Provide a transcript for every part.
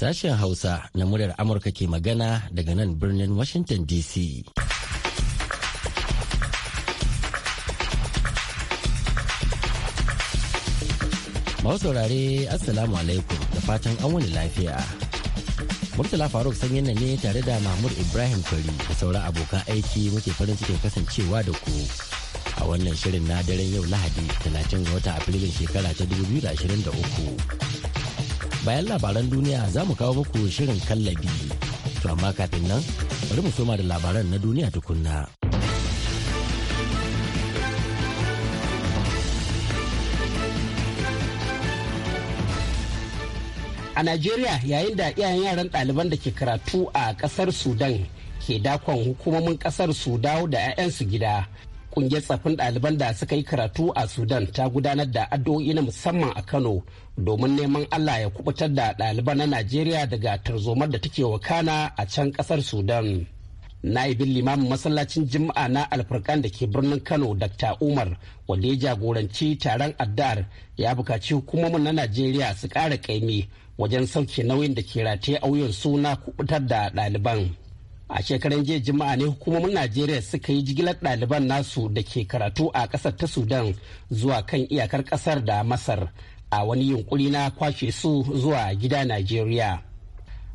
Sashen Hausa na muryar Amurka ke magana daga nan birnin Washington DC. saurare Assalamu alaikum da fatan an wani lafiya. Murtala Faruk sanyin yana ne tare da Mahmud Ibrahim Kwari da sauran abokan aiki muke farin cikin kasancewa da ku. A wannan shirin na daren yau Lahadi 30 ga watan Afrilun shekara ta 2023. bayan labaran duniya za mu kawo muku shirin kallabi to amma kafin nan bari mu soma da labaran na duniya tukunna a najeriya yayin da iyayen yaran ɗaliban da ke karatu a ƙasar sudan ke dakon hukumomin ƙasar su dawo da 'ya'yansu gida Kungiyar tsafin ɗaliban da suka yi karatu a Sudan ta gudanar da addu'o'i na musamman a Kano domin neman Allah ya kubutar da ɗaliban na Najeriya daga tarzomar da take kana a can ƙasar Sudan. Na'ibin limamin masallacin Juma'a na alfurkan da ke birnin Kano Dr. Umar wanda ya jagoranci taron addar ya bukaci hukumomin na Najeriya su ƙara ƙaimi wajen sauke nauyin da ke rataye auyen su na kubutar da ɗaliban. a shekaran jiya juma'a ne hukumomin najeriya suka yi jigilar ɗaliban nasu da ke karatu a ƙasar ta sudan zuwa kan iyakar ƙasar da masar a wani yunkuri na kwashe su zuwa gida najeriya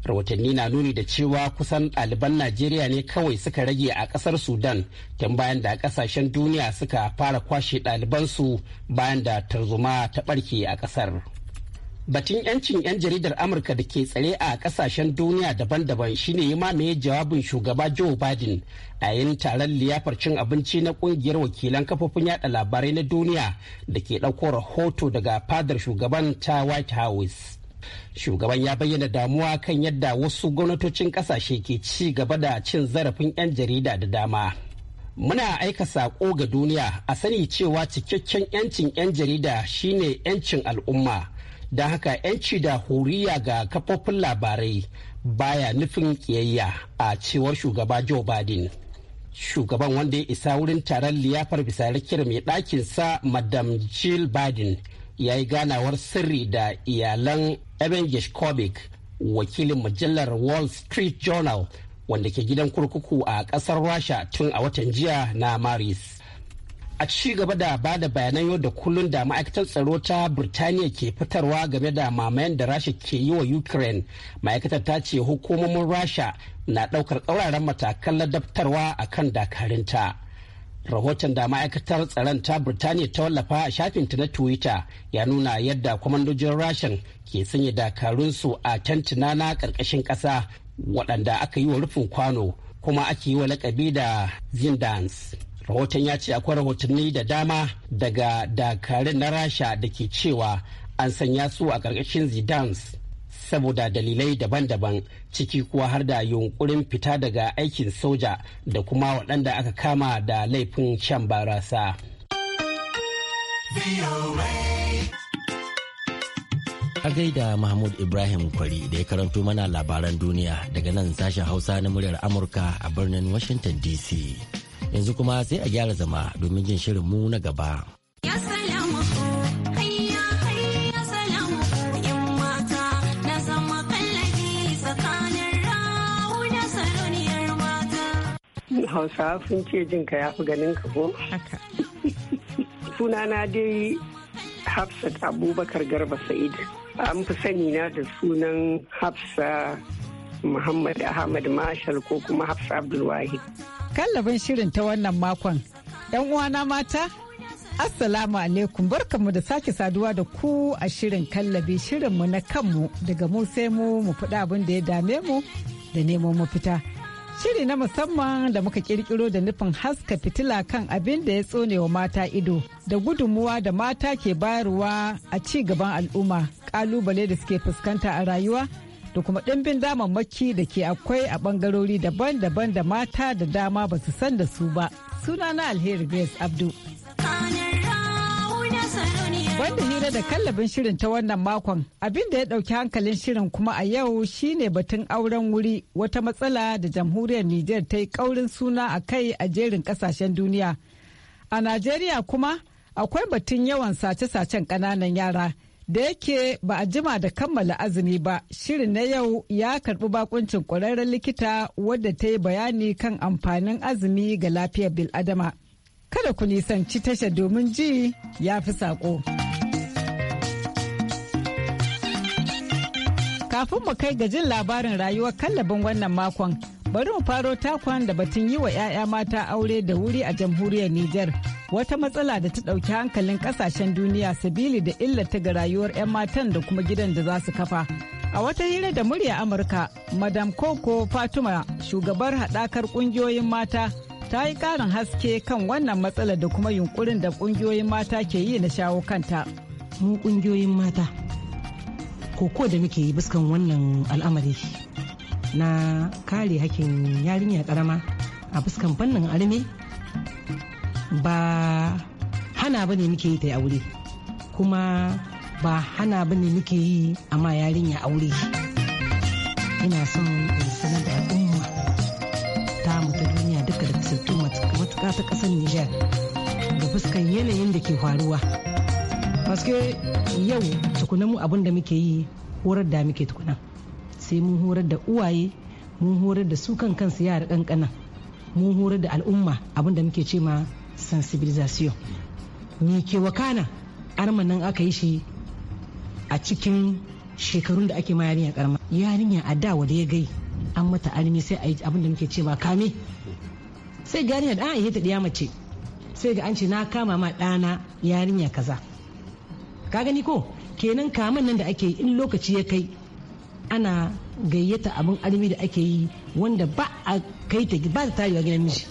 rahotanni na nuni da cewa kusan ɗaliban najeriya ne kawai suka rage a ƙasar sudan tun bayan da ƙasashen duniya suka fara kwashe ɗalibansu bayan da tarzoma ta ɓarke a ƙasar batun yancin 'yan jaridar amurka da ke tsare a kasashen duniya daban-daban shine ya mamaye jawabin shugaba joe biden a yin taron liyafar cin abinci na kungiyar wakilan kafofin yada labarai na duniya da ke ɗauko rahoto daga fadar shugaban ta white house shugaban ya bayyana damuwa kan yadda wasu gwamnatocin kasashe ke ci gaba da cin zarafin 'yan jarida da dama muna aika saƙo ga duniya a sani cewa cikakken 'yancin 'yan jarida shine 'yancin al'umma da haka 'yanci da huriya ga kafofin labarai baya nufin kiyayya a cewar shugaba joe biden shugaban wanda ya isa wurin taron liyafar bisa rikir mai ɗakinsa madam jill biden ya yi ganawar sirri da iyalan evangelist kobik wakilin mujallar wall street journal wanda ke gidan kurkuku a ƙasar rasha tun a watan jiya na maris a ci gaba da ba da bayanan yau da kullun da ma'aikatar tsaro ta burtaniya ke fitarwa game da mamayen da rasha ke yi wa ukraine ma'aikatar ta ce hukumomin rasha na daukar tsauraran matakan ladabtarwa a kan dakarinta rahoton da ma'aikatar tsaron ta burtaniya ta wallafa a shafinta na twitter ya nuna yadda kwamandojin rashin ke sanya dakarunsu a tantina na ƙarƙashin ƙasa waɗanda aka yi wa rufin kwano kuma ake yi wa lakabi da zindans rahoton ya ce akwai rahotanni da dama daga dakarun na rasha da ke cewa an sanya su a ƙarƙashin zidans saboda dalilai daban-daban ciki kuwa har da yunkurin fita daga aikin soja da kuma waɗanda aka kama da laifin shan barasa. A gaida Mahmud Ibrahim Kwari da ya karanto mana labaran duniya daga nan sashen Hausa na muryar Amurka a birnin Washington DC. yanzu kuma sai a gyara zama domin jin shirin mu na gaba. Hausawa sun ce jin ka ya fi ganin ka ko? Haka. Sunana dai Hafsat Abubakar Garba Sa'id. An fi sani na da sunan Hafsa Muhammad Ahmad Mashal ko kuma Hafsa Abdulwahid. kallabin shirin ta wannan makon. ‘Yan uwana mata, Assalamu alaikum barkanmu da sake saduwa da ku a shirin kallabi shirinmu na kanmu daga mu sai mu mu faɗa abin da ya dame mu da neman fita. Shiri na musamman da muka kirkiro da nufin haska fitila kan abin da ya tsone wa mata ido da gudunmuwa da mata ke bayarwa a ci gaban al'umma kalubale da suke fuskanta a rayuwa da kuma ɗimbin damammaki da ke akwai a ɓangarori daban-daban da mata da dama ba su san da su ba. Suna na Alheri Grace Abdu. Wanda hira da kallabin shirin ta wannan makon abin da ya ɗauki hankalin shirin kuma a yau shine batun auren wuri wata matsala da jamhuriyar Nijar ta yi ƙaurin suna a kai a jerin ƙasashen duniya. A Najeriya kuma akwai batun yawan sace-sacen ƙananan yara da yake ba a jima da kammala azumi ba shirin na yau ya karbi bakuncin kwararren likita wadda ta yi bayani kan amfanin azumi ga lafiyar biladama kada ku nisanci tasha domin ji ya fi saƙo. kafin mu kai ga jin labarin rayuwar kallabin wannan makon Bari mu faro takwan da batun yi wa 'ya'ya mata aure da wuri a jamhuriyar Nijar. Wata matsala da ta ɗauki hankalin ƙasashen duniya sabili da illata ga rayuwar 'yan matan da kuma gidan da za su kafa. A wata hira da murya Amurka, Madam Koko Fatuma, shugabar haɗakar ƙungiyoyin mata, ta yi ƙarin haske kan wannan matsala da kuma yunkurin da ƙungiyoyin mata ke yi na shawo kanta. Mu ƙungiyoyin mata, koko da muke yi buskan wannan al'amari na kare hakkin yarinya karama a fuskan fannin armi ba hana ba ne muke yi ta aure kuma ba hana ba ne muke yi amma yarinya aure ina son sanar da al'umma ta mutu duniya duka da kasattu matuka ta kasar nijar da fuskan yanayin da ke faruwa paske yau tukuna mu muke yi horar da muke tukuna sai mun horar da uwaye mun horar da su kan kansu yara kankana mun horar da al'umma abinda muke ce ma sensibilisation ni ke wakana arman nan aka yi shi a cikin shekarun da ake ma yarinya karama yarinya a da da ya gai an mata almi sai a yi abinda muke ce ma kame sai ga yarinya da an ta diya mace sai ga an ce na kama ma ɗana yarinya kaza ka gani ko kenan kaman nan da ake in lokaci ya kai ana gayyata abin armi da ake yi wanda ba a kai ta ba ta tarewa gidan miji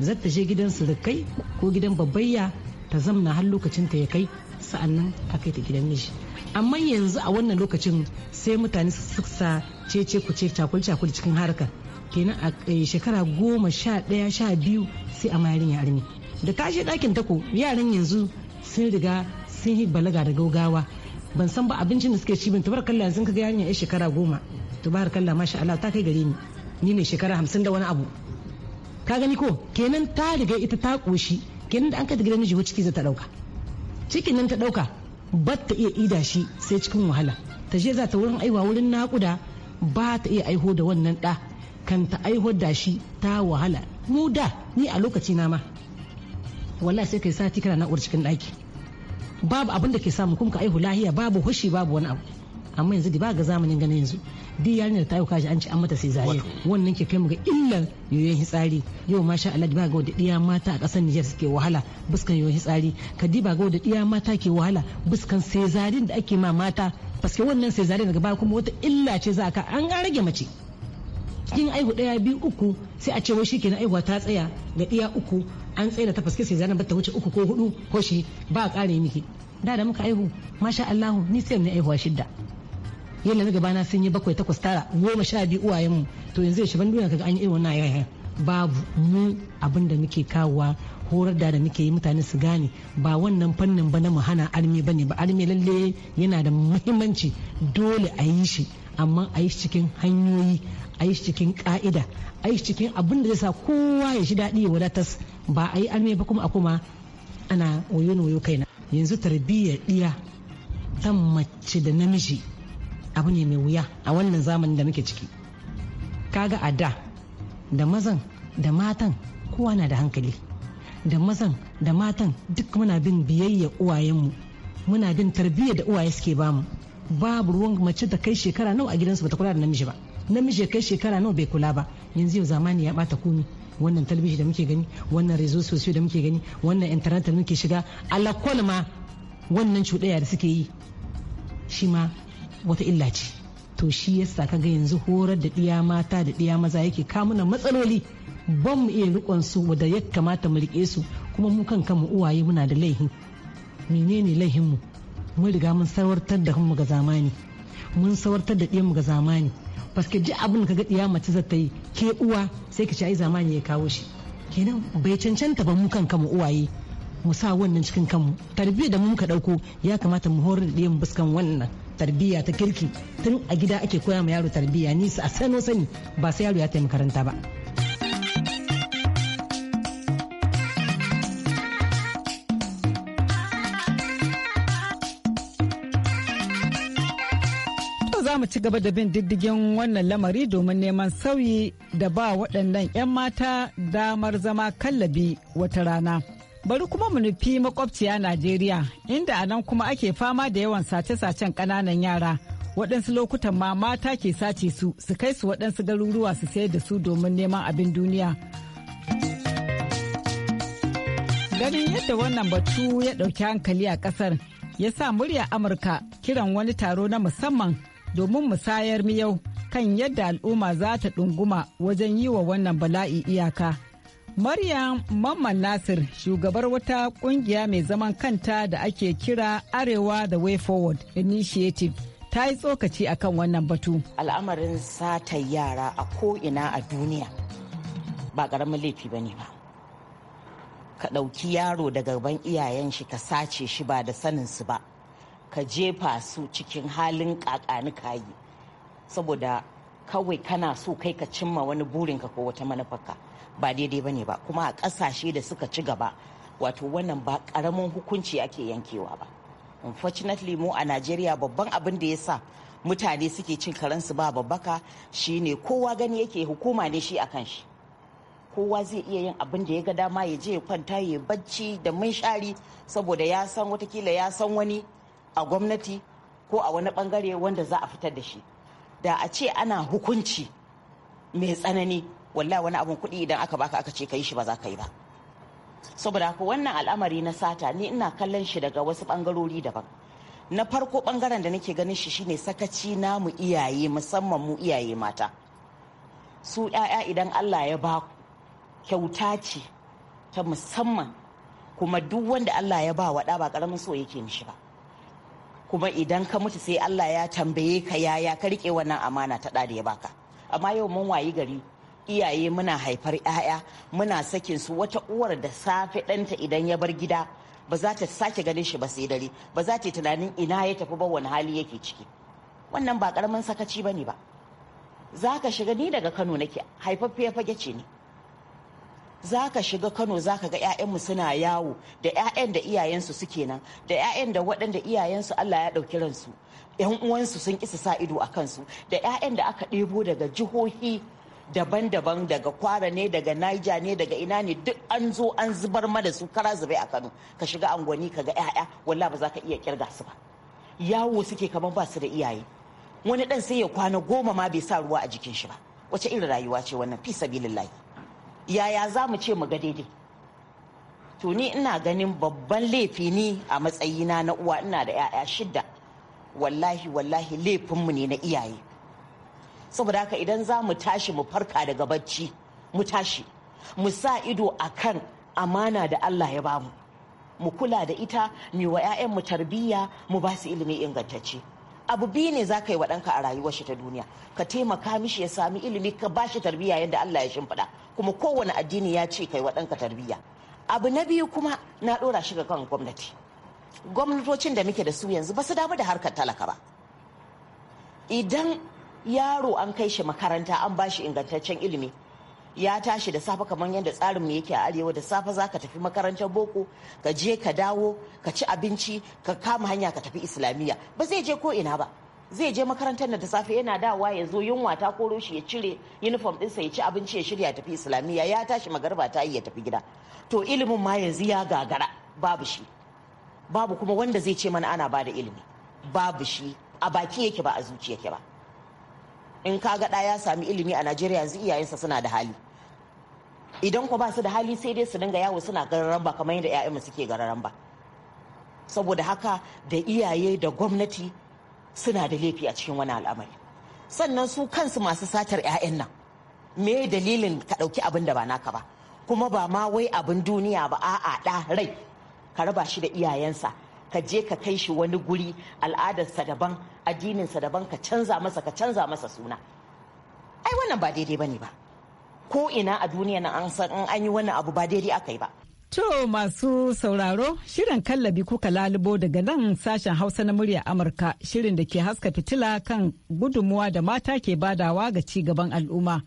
zata je gidan surukai ko gidan babbayya ta zamna har lokacin ta ya kai sa'annan a kai ta gidan miji amma yanzu a wannan lokacin sai mutane su sa cece ku ce cakul cakul cikin harka kenan a eh, shekara goma sha ɗaya sha biyu sai a mayarin ya armi da kashe ɗakin tako yaran yanzu sun riga sun yi balaga da gaugawa ban san ba abincin da suke ci ban kalla yanzu kaga yarinya yar shekara goma kalla masha Allah ta kai gare ni ni ne shekara hamsin da wani abu ka gani ko kenan ta riga ita ta koshi kenan da an ka gare jihu ciki za ta dauka cikin nan ta ɗauka ba ta iya ida shi sai cikin wahala ta je za ta wurin aiwa wurin nakuda ba ta iya aiho da wannan da kanta aiho da shi ta wahala mu da ni a lokaci na ma wallahi sai kai sati kana na'ur cikin daki babu abin da ke samu kuma ka aihu lahiya babu hushi babu wani abu amma yanzu da ba ga zamanin ganin yanzu di yarinyar ta yau kaji an ci an mata sai zaye wannan ke kai mu ga illar yoyon hitsari yau ma sha Allah ba ga wadda diya mata a kasar Niger suke wahala buskan yoyon hitsari ka ba ga wadda diya mata ke wahala buskan sai zarin da ake ma mata paske wannan sai zarin daga baya kuma wata illa ce za ka an rage mace kin aihu daya biyu uku sai a ce wai shikenan aihuwa ta tsaya ga diya uku an tsaye da ta faske sai zanen bata wuce uku ko hudu ko shi ba a kare miki da da muka aihu masha Allahu ni sai ne aihuwa shidda yalla na gabana sun yi bakwai takwas tara goma sha biyu uwayen mu to yanzu ya shi ban duniya kaga an yi irin wannan yayin babu mu abin da muke kawowa horar da da muke yi mutane su gane ba wannan fannin ba na mu hana almi bane ba armi lalle yana da muhimmanci dole a yi shi amma a yi shi cikin hanyoyi a yi shi cikin ka'ida a yi shi cikin abin da zai sa kowa ya shi daɗi ya wadatas ba a yi alme ba kuma a kuma ana oyo kai na yanzu tarbiyyar ɗiya ta mace da namiji abu ne mai wuya a wannan zamanin da muke ciki kaga a da da mazan da matan kowa na da hankali da mazan da matan duk muna bin biyayya uwayenmu muna bin tarbiyya da uwaye suke bamu babu ruwan mace ta kai shekara nawa a gidansu bata kula da namiji ba namiji ya kai shekara nawa bai kula ba yanzu yau zamani ya bata komi wannan talbishi da muke gani wannan rezo sosai da muke gani wannan internet da muke shiga alakwal ma wannan cuɗaya da suke yi shi ma wata illa ce to shi yasa kaga yanzu horar da ɗiya mata da ɗiya maza yake kamuna matsaloli ban mu iya rikon su da ya kamata mu rike su kuma mu kan kanmu uwaye muna da laihi menene laihin mu mun riga mun sarwartar da mu ga zamani mun sarwartar da mu ga zamani paske ji abin ka ga ɗiya mace za ta yi ke uwa sai ka ci zamani ya kawo shi kenan bai cancanta ba mu kanka mu uwaye mu sa wannan cikin kanmu tarbiyyar da mu ka ɗauko ya kamata mu horar da yin buskan wannan tarbiyya ta kirki tun a gida ake koya ma yaro tarbiyya ni a sano sani ba sai yaro ya taimaka makaranta ba mu ci gaba da bin diddigin wannan lamari domin neman sauyi da ba waɗannan 'yan mata damar zama kallabi wata rana. Bari kuma mu nufi makwabciya Najeriya inda a nan kuma ake fama da yawan sace-sacen ƙananan yara. Waɗansu lokutan ma mata ke sace su su kai su waɗansu garuruwa su sayar da su domin neman abin duniya. Ganin yadda wannan batu ya ɗauki hankali a ƙasar ya sa murya Amurka kiran wani taro na musamman domin musayar miyau kan yadda al'umma za ta ɗunguma wajen yi wa wannan bala'i iyaka. Maryam Mamman Nasir shugabar wata kungiya mai zaman kanta da ake kira Arewa The Way Forward Initiative ta yi tsokaci akan wannan batu. Al'amarin sata yara a ko'ina a duniya ba ƙaramin laifi ba ne ba. Ka ɗauki yaro daga gaban iyayen shi ka sace shi ba da saninsu ba. ka jefa su cikin halin kakani kayi saboda kawai kana so kai ka cimma wani burin ka ko wata manufarka ba daidai bane ba kuma a kasashe da suka ci gaba wato wannan ba karamin hukunci ake yankewa ba unfortunately mu a najeriya babban abin da ya sa mutane suke cin karansu ba babbaka shine kowa gani yake hukuma ne shi akan shi kowa zai iya yin abin da ya ga dama ya je ya kwanta ya bacci da munshari saboda ya san watakila ya san wani a gwamnati ko a wani bangare wanda za a fitar da shi da a ce ana hukunci mai tsanani wallahi wani abun kuɗi idan aka baka aka ce ka yi shi ba za ka yi ba saboda haka wannan al'amari na sata ni ina kallon shi daga wasu bangarori daban na farko bangaren da nake ganin shi shine sakaci namu iyaye musamman mu iyaye mata su ‘ya'ya idan Allah ya ba kyauta ce ta musamman kuma duk wanda Allah ya ba waɗa ba karamin so yake mishi ba kuma idan ka mutu sai Allah ya tambaye ka yaya ka rike wannan amana ta da ya baka amma yau mun wayi gari iyaye muna haifar 'ya'ya muna sakin su wata uwar da safe ɗanta idan ya bar gida ba za ta sake ganin shi ba sai dare ba za ta tunanin ina ya tafi ba wani hali yake ciki wannan ba karamin sakaci bane ba za ka shiga ni daga kano nake haifaffiyar fage ce ne za ka shiga kano za ka ga 'ya'yanmu suna yawo da 'ya'yan da iyayensu suke nan da 'ya'yan da waɗanda iyayensu allah ya ɗauki ransu 'yan uwansu sun isa sa ido a kansu da 'ya'yan da aka ɗebo daga jihohi daban-daban daga kwara ne daga naija ne daga ina ne duk an zo an zubar mana su kara zube a kano ka shiga angwani ka ga 'ya'ya walla ba za ka iya kirga su ba yawo suke kamar ba su da iyaye wani ɗan sai ya kwana goma ma bai sa ruwa a jikin shi ba wace irin rayuwa ce wannan fi sabilillahi yaya za mu ce mu ga daidai to ni ina ganin babban laifi ne a matsayina na uwa ina da 'ya'ya shida wallahi wallahi laifinmu ne na iyaye saboda haka idan za mu tashi mu farka daga bacci mu tashi mu sa ido a kan amana da allah ya bamu mu kula da ita mu wa 'ya'yanmu tarbiyya mu ba su ilimi ingantacce abu biyu ne za ka yi wa ɗanka a rayuwar shi ta duniya ka taimaka mishi ya sami ilimi ka ba shi tarbiyya yadda allah ya shimfiɗa kuma kowane addini ya ce kai waɗanka tarbiyya abu na biyu kuma na ɗora shi ga kan gwamnati gwamnatocin da muke da su yanzu ba su damu da harkar talaka ba idan yaro an kai shi makaranta an ba shi ingantaccen ilimi ya tashi da safe kamar yadda tsarin mu yake a arewa da safe za ka tafi makarantar boko ka je ka dawo ka ci abinci ka kama hanya ka tafi islamiyya ba zai je ko ina ba zai je makarantar da safe yana dawa ya zo yunwa ta koro shi ya cire uniform ɗinsa ya ci abinci ya shirya tafi islamiyya ya tashi magarba ta yi ya tafi gida to ilimin ma yanzu ya gagara babu shi babu kuma wanda zai ce mana ana bada ilimi babu shi a baki yake ba a zuci yake ba in ka ga ya sami ilimi a najeriya yanzu iyayensa suna da hali idan ku ba su da hali sai dai su dinga yawo suna gararan ba kamar yadda 'ya'yanmu suke gararan ba saboda haka da iyaye da gwamnati suna da laifi a cikin wani al'amari sannan su kansu masu satar 'ya'yan nan me dalilin ka ɗauki abin da ba naka ba kuma ba ma wai abin duniya ba a'a ɗa rai ka raba shi da iyayensa ka je ka kai shi wani guri al'adarsa daban addininsa daban ka canza masa ka canza masa suna ai wannan ba daidai bane ba ko ina a duniya nan an san an yi wannan abu ba daidai aka yi ba To masu sauraro shirin kallabi kuka lalubo daga nan sashen hausa na murya Amurka shirin da ke haska fitila kan gudunmuwa da mata ke badawa ga ci gaban al'umma.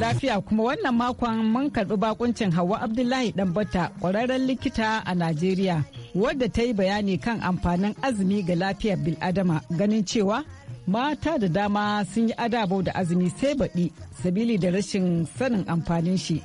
lafiya kuma wannan makon mun karɓi bakuncin Hauwa Abdullahi bata ƙwararren likita a Najeriya wadda ta yi bayani kan amfanin azumi ga lafiyar bil'adama ganin cewa mata da dama sun yi adabo da azumi sai baɗi sabili da rashin sanin amfanin shi.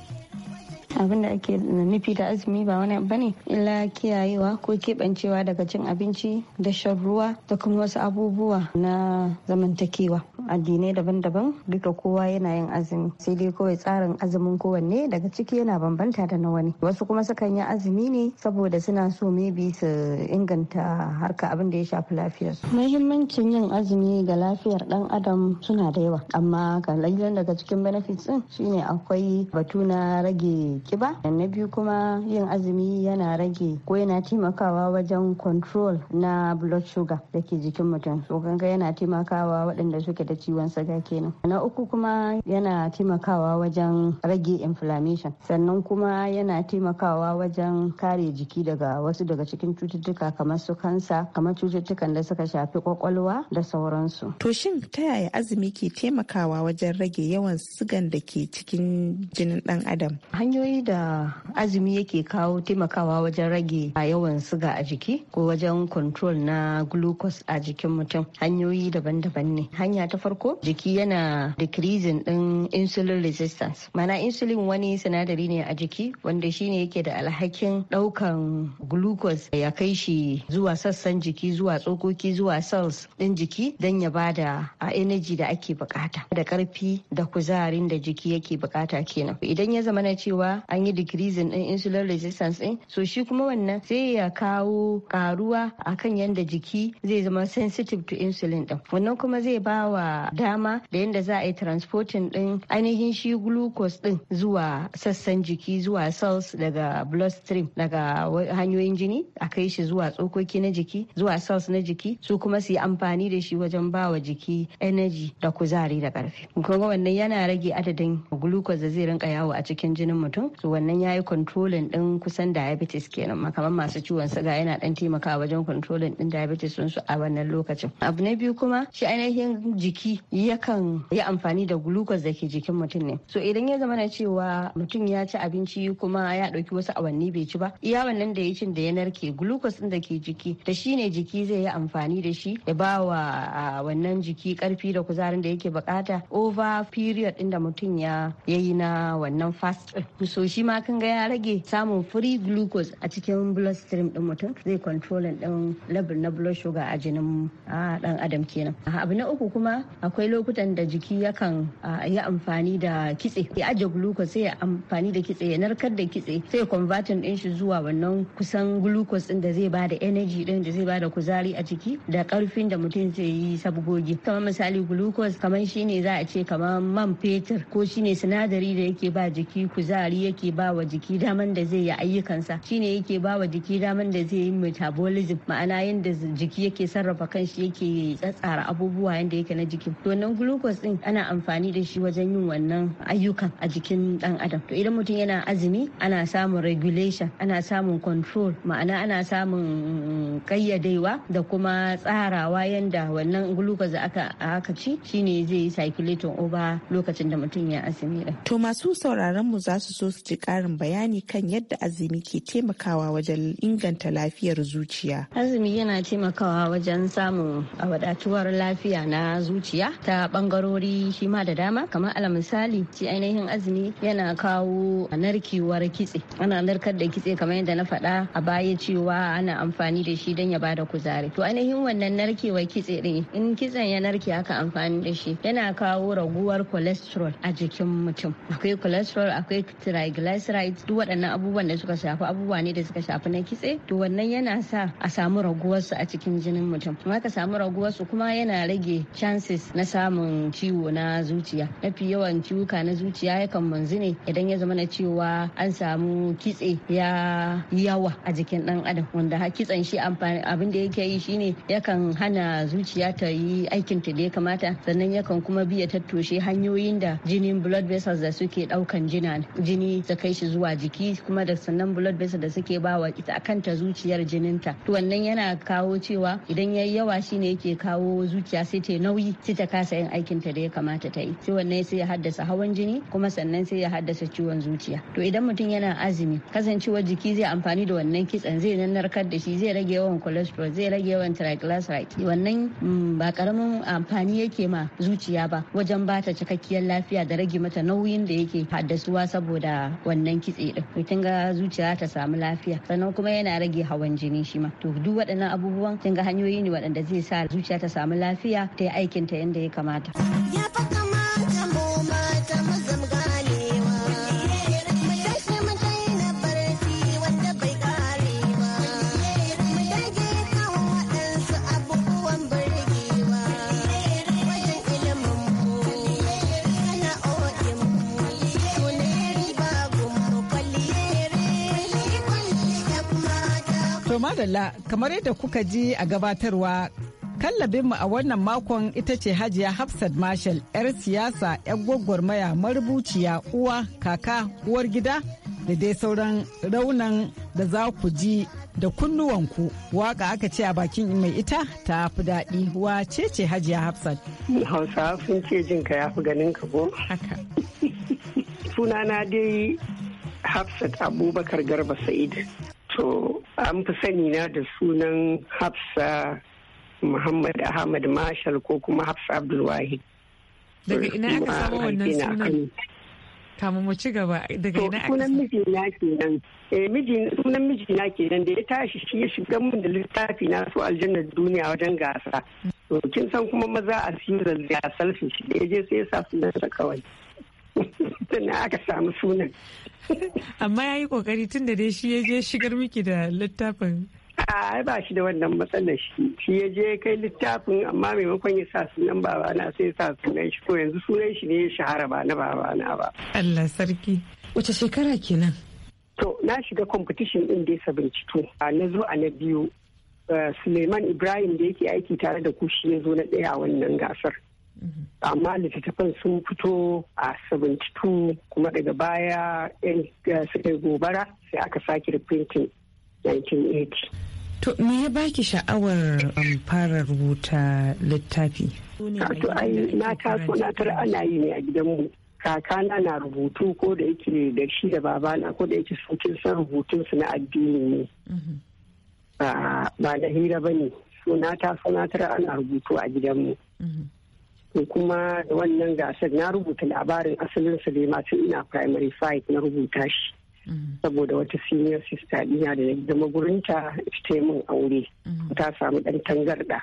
abin da ake nufi da azumi ba wani ba ne illa kiyayewa ko keɓancewa daga cin abinci da shan ruwa da kuma wasu abubuwa na zamantakewa addinai daban-daban duka kowa yana yin azumi sai dai kawai tsarin azumin kowanne daga ciki yana bambanta da na wani wasu kuma sukan yi azumi ne saboda suna so maybe su inganta harka abin da ya shafi lafiyar su. muhimmancin yin azumi ga lafiyar dan adam suna da yawa amma kan daga cikin benefits din shine akwai batu na rage ba na biyu kuma yin azumi yana rage ko yana taimakawa wajen control na blood sugar da ke jikin mutum so ganga yana taimakawa waɗanda suke da ciwon saga kenan na uku kuma yana taimakawa wajen rage inflammation sannan kuma yana taimakawa wajen kare jiki daga wasu daga cikin cututtuka kamar su kansa kamar cututtukan da suka shafi kwakwalwa da sauransu to shin ta yaya azumi ke taimakawa wajen rage yawan sugan da ke cikin jinin dan adam hanyoyi da azumi yake kawo taimakawa wajen rage yawan siga a jiki ko wajen control na glucose a jikin mutum hanyoyi daban-daban ne hanya ta farko jiki yana decreasing din insulin resistance mana insulin wani sinadari ne a jiki wanda shine yake da alhakin daukan glucose ya kai shi zuwa sassan jiki zuwa tsokoki zuwa cells din jiki don ya bada a energy da ake bukata da karfi da kuzarin da jiki yake bukata kenan idan ya zama na cewa an yi decreasing din insulin resistance din so shi kuma wannan sai ya kawo karuwa akan yadda jiki zai zama sensitive to insulin din wannan kuma zai ba wa dama da yadda za a yi transporting din ainihin shi glucose din zuwa sassan jiki zuwa cells daga bloodstream daga hanyoyin jini a kai shi zuwa tsokoki na jiki zuwa cells na jiki su kuma su yi amfani da shi wajen ba wa jiki energy da kuzari da karfi kuma wannan yana rage adadin glucose da zai rinka yawo a cikin jinin mutum wannan so wannan yi controlling din kusan diabetes kenan makaman masu ciwon suga yana dan taimakawa wajen controlling din diabetes sun su a wannan lokacin abu na biyu kuma shi ainihin jiki yakan yi amfani da glucose da ke jikin mutum ne so idan ya zama na cewa mutum ya ci abinci kuma ya ɗauki wasu awanni bai ci ba iya wannan da ya cin da ya narke glucose din da ke jiki da shi ne jiki zai yi amfani da shi ya ba wa wannan jiki karfi da kuzarin da yake bukata over period din da mutum ya yi na wannan fast so to shi ma kin ga ya rage samun free glucose a cikin blood stream din mutum zai controlling din level na blood sugar a jinin dan adam kenan abu na uku kuma akwai lokutan da jiki yakan yi amfani da kitse ya aje glucose sai ya amfani da kitse ya narkar da kitse sai converting din shi zuwa wannan kusan glucose din da zai ba da energy din da zai ba da kuzari a jiki da karfin da mutum zai yi sabgogi kamar misali glucose kamar shine za a ce kamar man fetur ko shine sinadari da yake ba jiki kuzari yake ba wa jiki daman da zai yi ayyukansa shine yake ba wa jiki daman da zai yi metabolism ma'ana yadda jiki yake sarrafa kanshi yake tsatsara abubuwa yadda yake na jiki to nan glucose din ana amfani da shi wajen yin wannan ayyukan a jikin dan adam to idan mutum yana azumi ana samun regulation ana samun control ma'ana ana samun kayyadewa da kuma tsarawa yadda wannan glucose aka aka ci shine zai yi circulating over lokacin da mutum ya azumi to masu sauraron mu za su so su ji ƙarin bayani kan yadda azumi ke taimakawa wajen inganta lafiyar zuciya. Azumi yana taimakawa wajen samun wadatuwar lafiya na zuciya ta bangarori shi ma da dama kamar ala misali ci ainihin azumi yana kawo narkewar kitse ana narkar da kitse kamar yadda na faɗa a baya cewa ana amfani da shi don ya bada kuzari to ainihin wannan narkewar kitse ɗin in kitsen ya narke aka amfani da shi yana kawo raguwar cholesterol a jikin mutum akwai cholesterol akwai triglycerides duk waɗannan abubuwan da suka shafi abubuwa ne da suka shafi na kitse to wannan yana sa a samu raguwarsu a cikin jinin mutum kuma ka samu raguwarsu kuma yana rage chances na samun ciwo na zuciya mafi yawan ciwuka na zuciya yakan manzu ne idan ya zama na cewa an samu kitse ya yawa a jikin ɗan adam wanda kitsen shi amfani abin da yake yi shine yakan hana zuciya ta yi aikin ta da ya kamata sannan yakan kuma biya tattoshe hanyoyin da jinin blood vessels da suke ɗaukan jini jini kai shi zuwa jiki kuma da sannan blood vessel da suke bawa ita ta zuciyar jininta to wannan yana kawo cewa idan yayi yawa shine yake kawo zuciya sai ta nauyi sai ta kasa yin aikinta da ya kamata ta yi sai wannan sai ya haddasa hawan jini kuma sannan sai ya haddasa ciwon zuciya to idan mutum yana azumi kasancewar jiki zai amfani da wannan kitsen zai narkar da shi zai rage yawan cholesterol zai rage yawan triglycerides wannan mm, ba karamin amfani yake ma zuciya ba wajen ba ta cikakkiyar lafiya da rage mata nauyin da yake haddasuwa saboda wannan kitse din to kin ga zuciya ta samu lafiya sannan kuma yana rage hawan jini shi ma to duk waɗannan abubuwan kin ga hanyoyi ne waɗanda zai sa zuciya ta samu lafiya ta yi aikin ta yadda ya kamata ya madalla kamar yadda kuka ji a gabatarwa kallabinmu a wannan makon ita ce hajiya hafsat marshal 'yar siyasa 'yan gwagwarmaya marubuciya uwa kaka uwar gida da dai sauran raunan da za ku ji da kunnuwanku waka aka ce a bakin mai ita ta fi daɗi wace ce hajiya hafsat hausawa sun ce jin ka ya fi ganin ka ko sunana dai hafsat abubakar garba sa'id to an fi sani na da sunan hafsa muhammad ahmad marshal ko kuma hafsa abdulwahid daga ina aka samu wannan sunan kamu mu ci gaba daga ina aka sunan mijina kenan eh sunan mijina kenan da ya tashi shi ya shiga min da littafi na su aljannar duniya wajen gasa to kin san kuma maza a siyar da shi da ya je sai ya sa sunan sa kawai tunda aka samu sunan amma ya yi kokari tun da dai shi ya je shigar miki da littafin a ba shi da wannan matsalar shi shi ya je kai littafin amma maimakon ya sa sunan babana sai ya sa sunan shi ko yanzu sunan shi ne ya shahara ba na babana ba Allah sarki wace shekara kenan to na shiga competition din da ya bincike na zo a na biyu eh, Suleiman Ibrahim da yake aiki tare da kushi ya zo na ɗaya a wannan gasar amma littattafan sun fito a 72 kuma daga baya yan eh, suka gobara sai aka sake reprinting 1980 to me ya baki sha'awar um, fara rubuta littafi to ai na taso na tara ana yi ne a gidanmu kakana na rubutu ko da yake da shi da babana ko da yake sun san rubutunsu na addini ne mm-hmm. ba da hira ba ne so na taso na tara ana rubutu a gidanmu mm-hmm. kuma wannan gasar na rubuta labarin asalin su dai masu ina primary five na rubuta shi mm. saboda wata senior sister ina da ya zama gurinta ta min aure mm. ta samu ɗan tangarɗa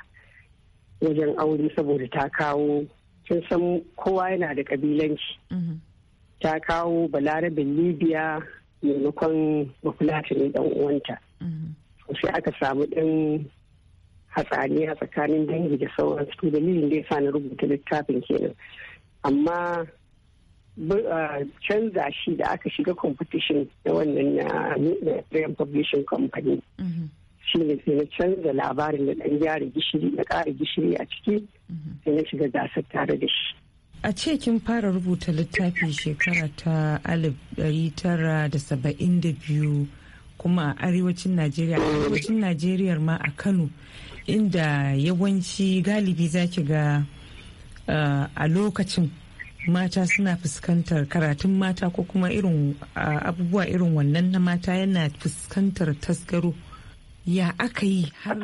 wajen aure saboda ta kawo kin san kowa yana da ƙabilanci mm-hmm. ta kawo balarabin libya maimakon bafulatin dan ɗan uwanta mm-hmm. sai aka samu ɗan hatsaniya tsakanin dangi da sauransu to dalilin da ya sa na rubuta littafin kenan amma canza shi da aka shiga competition da wannan na publishing company mm-hmm. shi ne sai na canza labarin da ɗan gyara gishiri na kara gishiri a ciki mm-hmm. sai na shiga gasar tare da shi a ce kin fara rubuta littafi shekara ta 1972 kuma a arewacin najeriya arewacin najeriya ma a kano inda yawanci galibi zaki ga eh, a lokacin mata suna fuskantar karatun mata ko kuma irin eh, abubuwa irin wannan na mata yana fuskantar tasgaro ya aka yi har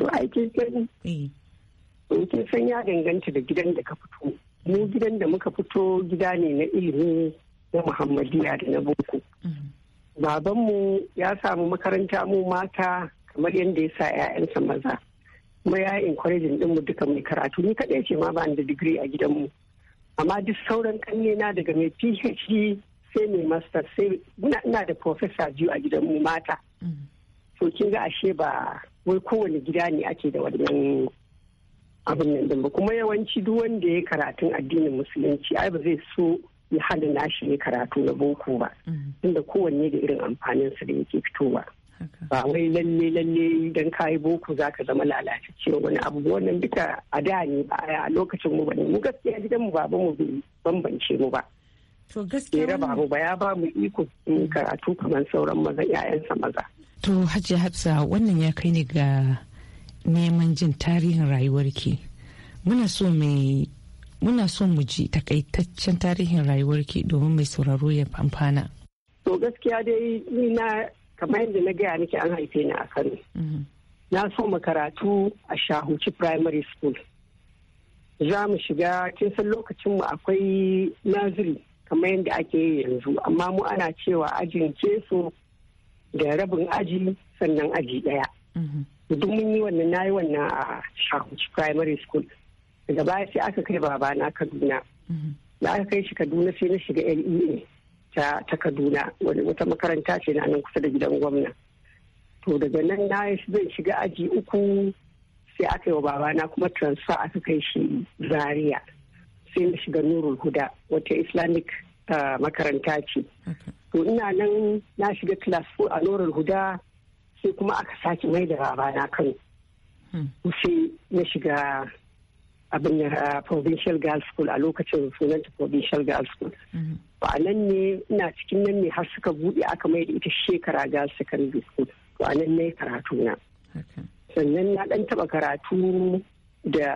eh. kin san ya danganta da gidan da ka fito mu gidan da muka fito gida ne na ilimi na muhammadiya da na boko mm. babanmu ya samu makaranta mu mata kamar yadda ya sa 'ya'yansa maza kuma ya yi din mu duka mai karatu ni kaɗai ce ma bani da digiri a gidan mu. amma duk sauran na daga mai phd sai mai master sai muna ina da professor biyu a gidanmu mata to kin ga ashe ba wai kowane gida ne ake da wannan abin nan ba kuma yawanci duk wanda ya karatun addinin musulunci ai ba zai so halin shi ne karatu na boko ba inda mm. kowanne da irin amfanin su da yake fitowa ba wai lalle lalle ka kayi boko za ka zama cewa wani abu wannan bita a da ne ba a lokacin mu bane mu gaskiya gidan mu baba mu bai bambance mu ba to gaskiya raba mu ba ya ba mu iko mm. karatu kamar sauran maza yayan sa maza to hajji hafsa wannan ya kai ni ga neman jin tarihin rayuwarki muna so mai muna son mu ji takaitaccen tarihin rayuwarki domin mai sauraro ya amfana. To gaskiya dai ni na kamar yadda na gaya miki an haife ni a Kano. Mhm. Na so karatu a Shahuci Primary School. Za mu shiga kin san lokacin mu akwai naziri kamar yadda ake yi yanzu amma mu ana cewa ajin keso da rabin aji sannan aji ɗaya. Mhm. Duk mun yi wannan na yi wannan a Shahuci Primary School. daga baya sai aka kai babana kaduna da aka kai shi kaduna sai na shiga lea ta, ta kaduna Wani wata makaranta ce na nan kusa da gidan gwamna to daga nan na zan shiga aji uku sai aka yi wa babana kuma transfer aka kai shi zaria sai na shiga nurul huda wata islamic uh, makaranta ce to ina nan na shiga class 4 a nurul huda sai kuma aka sake mai da babana kan hmm. sai na shiga abin na provincial girls school a lokacin sunanta provincial girls school mm-hmm. to a nan ne ina cikin nan ne har suka buɗe aka mai da ita shekara girls secondary school to a nan ne karatu na sannan na ɗan taɓa karatu da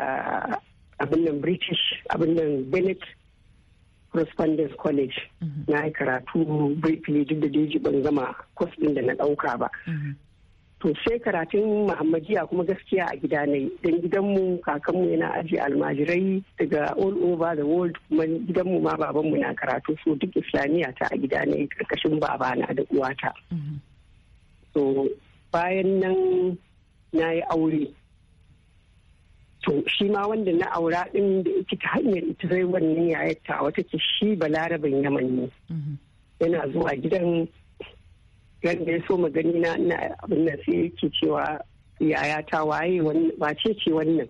abin nan british abin nan bennett correspondence college mm-hmm. na yi karatu briefly duk da daji ban zama kwas ɗin da na ɗauka ba mm-hmm. to sai karatun muhammadiya kuma gaskiya a gida ne don gidanmu kakanmu yana aji almajirai daga all over the world kuma gidanmu ma babanmu na karatu so duk islamiyya ta a gida ne karkashin babana da uwata to mm-hmm. bayan nan na yi aure to shi ma wanda na aura din da ita ta hanyar ita zai wannan yayar wata ke shi balaraban yaman ne mm-hmm. yana zuwa gidan nan ya so magani na ina abin da sai yake cewa yaya ta waye wace ce wannan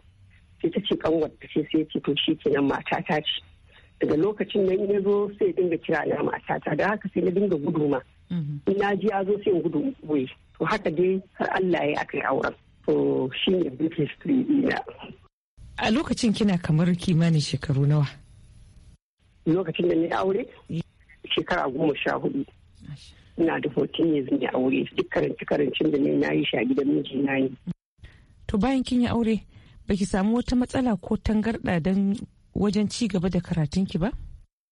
sai ta ce kanwar ta ce sai ce to shi kenan matata ce daga lokacin nan ya zo sai dinga kira na matata da haka sai na dinga gudu ma mhm. na ji ya zo sai gudu wai to haka dai har Allah ya aka auren to shi ne big history dina a lokacin kina kamar kimanin shekaru nawa lokacin da ni aure shekara goma sha hudu ina da hoton ya zan aure duk karance karancin da ne na yi shi a gidan miji na yi. To bayan kin yi aure baki samu wata matsala ko tangarɗa don wajen ci gaba da karatun ki ba?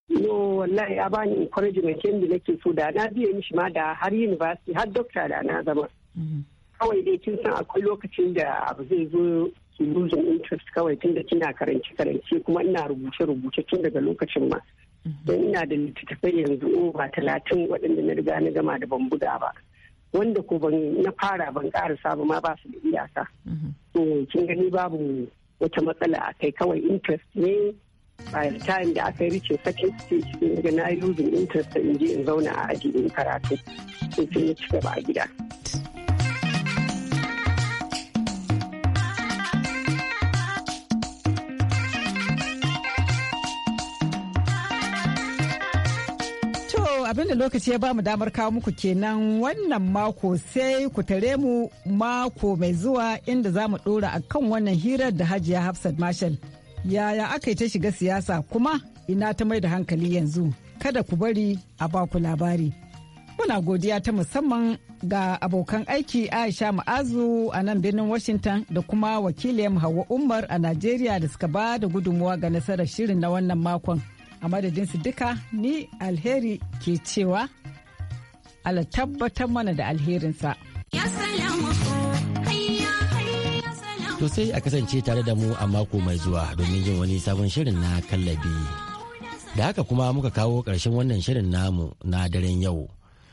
no wallahi ya bani encouragement yadda nake so da na biya mishi ma da har university har doctor da na zama mm-hmm. kawai dai kin san akwai lokacin da abu zai zo ki losing interest kawai tun da kina karance karance kuma ina rubuce rubuce tun daga lokacin ma don ina da littattafai yanzu ba talatin waɗanda na riga na gama da ban buga ba wanda ko ban na fara ban karasa ba ma ba su da iyaka to kin gani babu wata matsala a kai kawai interest ne by the time da aka yi rice second stage din ga na interest in je in zauna a aji in karatu sai sun ci gaba a gida. abinda lokaci ya ba mu damar kawo muku kenan wannan mako sai ku tare mu mako mai zuwa inda za mu ɗora a kan wannan hirar da hajiya Hafsat Marshall. Yaya aka yi ta shiga siyasa kuma ina ta mai da hankali yanzu kada ku bari a baku labari. Muna godiya ta musamman ga abokan aiki Aisha Ma'azu a nan birnin Washington da kuma wakiliyar Hauwa Umar a Najeriya da suka ba da gudunmuwa ga nasarar shirin na wannan makon. a madadin madadinsu duka ni alheri ke cewa ala tabbatar mana da alherinsa. To sai a kasance tare da mu a mako mai zuwa domin jin wani sabon shirin na kallabi. Da haka kuma muka kawo ƙarshen wannan shirin namu na daren yau.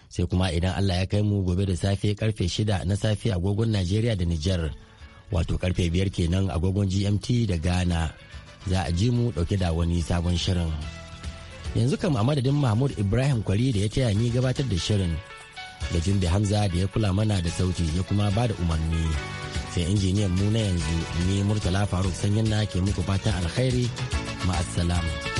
Sai kuma idan Allah ya kai mu gobe da safe karfe shida na safe agogon Najeriya da Nijar. Wato karfe biyar kenan agogon GMT da Ghana. za a ji mu dauke da wani sabon shirin yanzu kam a madadin mahmud ibrahim kwari da ya taya ni gabatar da shirin da da hamza da ya kula mana da sauti ya kuma ba da umarni sai injiniyan mu na yanzu ne murtala faruk sanyin na ke muku fatan alkhairi ma'assalam.